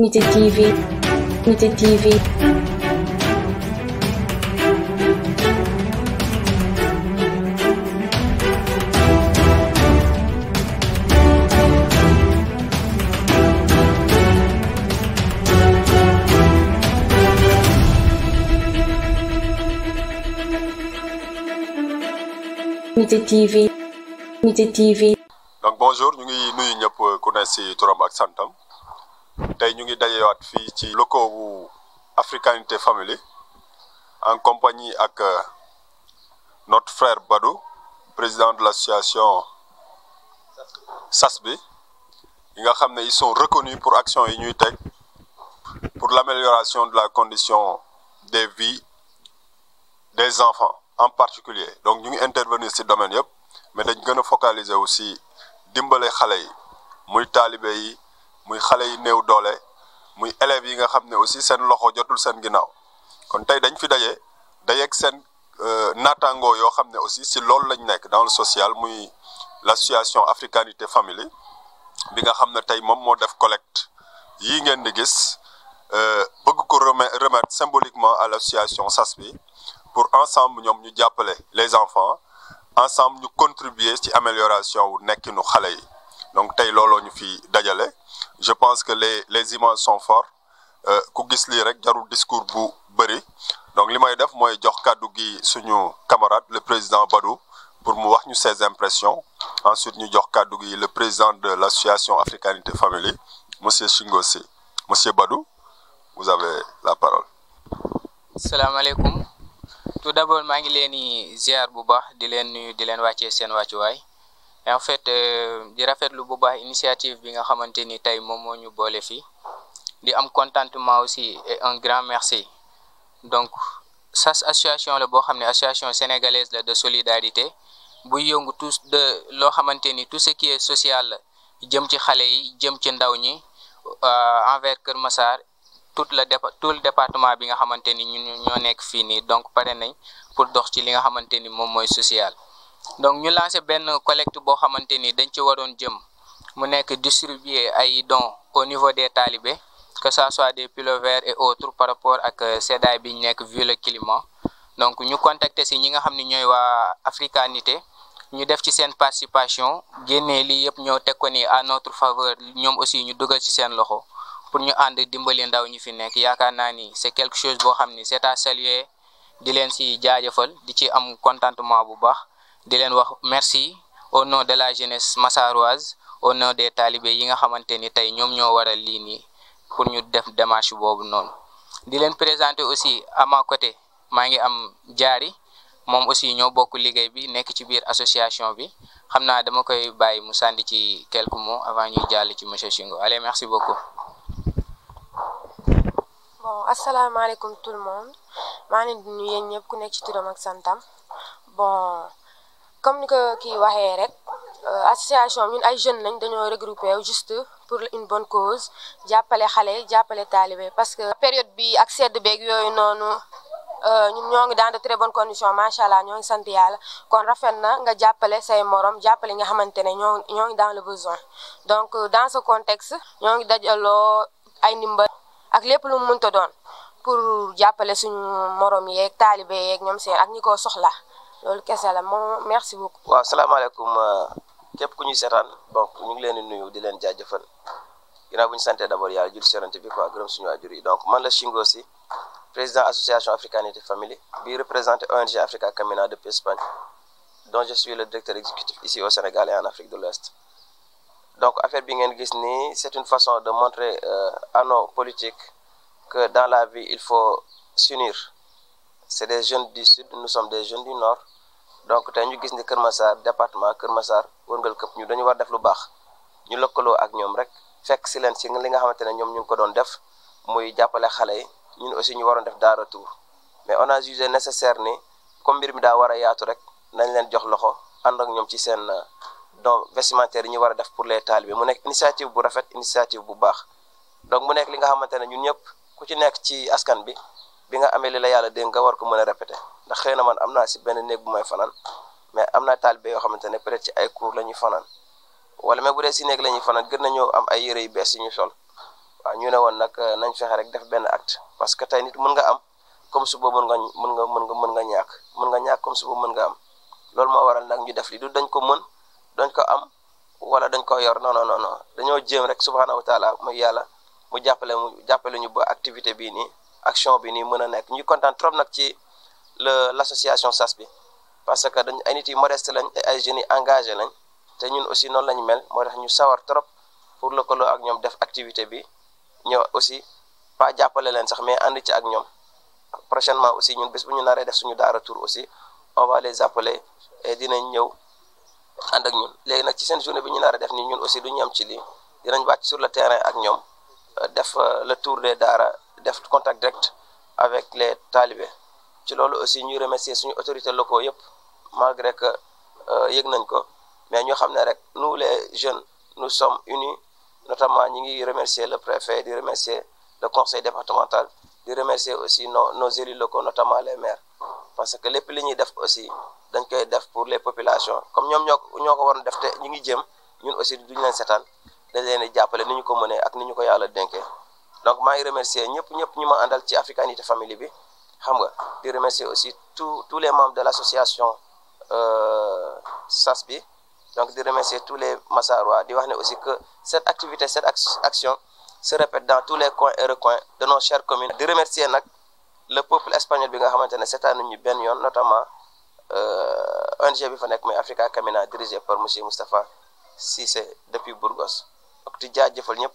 Media TV, Media TV. Media TV, Media TV. donc bonjour Nous ngi nuyu ñëpp ku santam. tey ñu ngi dajewaat fii ci locaux bu Africanité Family en compagnie ak euh, notre frère Badou président de l'association SASB, yi nga xam ils sont reconnus pour action yi ñuy pour l'amélioration de la condition des vies des enfants en particulier donc ñu ngi intervenir ci domaine mais nous gën a focaliser aussi dimbale xale yi muy taalibe yi muy xale yi néew doole muy élèves yi nga xam ne aussi seen loxo jotul seen ginnaaw kon tey dañ fi daje dajeeg seen euh, naataangoo yoo xam ne aussi si loolu lañ nekk dans le social muy l'association africanité famille bi nga xam ne tey moom moo def collecte yii ngeen di gis euh, bëgg ko remettre symboliquement à l'association SASBI pour ensemble ñoom ñu jàppale les enfants ensemble ñu contribuer ci amélioration wu nekkinu xale yi donc tey looloo ñu fi dajale je pense que les les images sont fortes euh, ku gis lii rek jarul discours bu bëri donc li may def mooy jox kàddu gi suñu camarade le président Badou pour mu wax ñu ses impressions ensuite ñu jox kàddu le président de l'association Africanité Family monsieur Shingo monsieur Badou vous avez la parole. salaamaaleykum tout d'abord maa ngi leen ziar bu baax di di seen en fait euh, di rafetlu bu baax initiative bi nga xamante ni tey moom moo ñu boole fii di am contentement aussi et un grand merci donc SAS association la boo xam ne association sénégalaise la de solidarité bu yëngu tous de loo xamante ni tout ce qui est social la jëm ci xale yi jëm ci ndaw ñi euh, envers Kër Massar tout le tout le département bi nga xamante ni ñun ñoo nekk fii nii donc pare nañ pour dox ci li nga xamante ni moom mooy social. donc ñu lancé benn collect boo xamante ni dañ ci waroon jëm mu nekk distribuer ay dons au niveau des talibés que ça soit des pulls verts et autres par rapport ak euh, seddaay bi ñu nekk vu le climat donc ñu contacter si ñi nga xam ni ñooy waa africanité ñu def ci seen participation génnee lii yëpp ñoo teg ko ni à notre faveur ñoom aussi ñu dugal ci seen loxo pour ñu ànd dimbali ndaw ñi fi nekk yaakaar naa ni c'est quelque chose boo xam ni c'est à di leen si jaajëfal di ci am contentement bu baax. di leen wax merci au nom de la jeunesse massaroise au nom des talibés yi nga xamante ni tey ñoom ñoo waral lii nii pour ñu def démarche boobu noonu di leen présenter aussi à ma côté maa ngi am jaari moom aussi ñoo bokk liggéey bi nekk ci biir association bi xam naa dama koy bàyyi mu sànni ci quelques mots avant ñu jàll ci monsieur Shingo allez merci beaucoup. bon asalaamaaleykum tout le maa ngi leen di nuyu ku nekk ci turam ak santam comme que ko kii rek euh, association ñun ay jeune lañ dañoo regrouper juste pour une bonne cause jappalé xalé jappalé talibé parce que période bi ak sedd beeg yooyu noonu euh, ñun ñoo ngi dans de très bonnes conditions machallah allah ñoo ngi sant yàlla kon rafet na nga jappalé say morom jappalé nga xamante ne ñoo ñoo ngi dans le besoin donc euh, dans ce contexte ñoo ngi dajaloo ay ndimbal ak lépp lu mu mënta doon pour jappalé suñu morom yeeg taalibe ak ñom seen ak ñiko soxla loolu kese la moom merci beaucoup. waaw salaamaaleykum euh, képp ku ñuy seetaan donc ñu ngi leen di nuyu di leen jaajëfal ginnaaw bu ñu sante d'abord yàlla jul séerante bi quoi gërëm suñu waajur yi donc man la Chingo si président association Africanité Family bi représenté ONG Africa Camina depuis Espagne dont je suis le directeur exécutif ici au Sénégal et en Afrique de l'Ouest donc affaire bi ngeen gis nii c'est une façon de montrer euh, à nos politiques que dans la vie il faut s'unir c'est des jeunes du sud nous sommes des jeunes du nord donc tay ñu gis ni Kër Massar département Kër Massar wërngal këpp ñu dañu war def lu baax ñu lëkkaloo ak ñoom rek fekk si leen si li nga xamante ne ñoom ñu ngi ko doon def muy jàppale xale yi ñun aussi ñu waroon def daa retour mais on a jugé nécessaire ni comme mbir mi daa war a yaatu rek nañ leen jox loxo ànd ak ñoom ci seen euh, don vestimentaire yi ñu war a def pour les talibé mu nekk initiative bu rafet initiative bu baax donc mu nekk li nga xamante ne ñun ñëpp ku ci nekk ci askan bi bi nga amee li la yàlla dégg nga war ko mën a répété ndax xëy na man am naa si benn néeg bu may fanaan mais am naa taalibe yoo xamante ne peut-être ci ay cours la ñuy fanaan wala mais bu dee si néeg la ñuy fanaan gën nañoo am ay yére yu bees yi ñu sol waaw ñu ne woon nag euh, nañ fexe rek def benn acte parce que tey nit mën nga am comme suba mën nga mën nga mën nga mën nga ñàkk mën nga ñàkk comme suba mën nga am loolu moo waral nag ñu def li du dañ ko mën dañ ko am wala dañ ko yor non non non non dañoo jéem rek subhanahu wa taala muy yàlla mu jàppale mu jàppale ñu ba activité bii nii action bi ni mën a nekk ñuy kontaan trop nag ci le l' association SAS bi parce que dañ ay nit yi modeste lañ ay jeunes yi engagé lañ te ñun aussi noonu lañ mel moo tax ñu sawar trop pour lëkkaloo ak ñoom def activité bi ñëw aussi pas jàppale leen sax mais ànd ci ak ñoom prochainement aussi ñun bés bu ñu naree def suñu daara tour aussi on va les appeler et dinañ ñëw ànd ak ñun léegi nag ci seen journée bi ñu naree def ni ñun aussi du ñu am ci lii dinañ wàcc sur le terrain ak ñoom def euh, le tour des daara def contact direct avec les talibés ci loolu aussi ñu remercier suñu autorités locaux yëpp malgré que euh, yëg nañ ko mais ñu xam ne rek nous les jeunes nous sommes unis notamment ñi ngi remercier le préfet di remercier le conseil départemental di remercier aussi nos élus locaux notamment les maires parce que les li ñuy def aussi dañ koy def pour les populations comme nous avons ñoo ko waroon def te ñu ngi jëm ñun aussi duñ leen qui dañ leen di jàppale ni ñu ko mënee ak ni ñu ko yàlla dénkee donc je remercie remercier ci africanité bi xam nga di remercier aussi tous les membres de l'association euh, Saspi, donc di remercier tous les Massarois je wax aussi que cette activité cette action se répète dans tous les coins et recoins de nos chères communes Je remercie le peuple espagnol bi nga xamante ne seetaan ñu benn yoon notamment euh, ONG bi fa nekk mooy Africa Camina dirigé par monsieur Moustapha Cissé depuis Burgos donc di jaajëfal ñëpp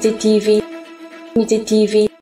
Unity TV Unity TV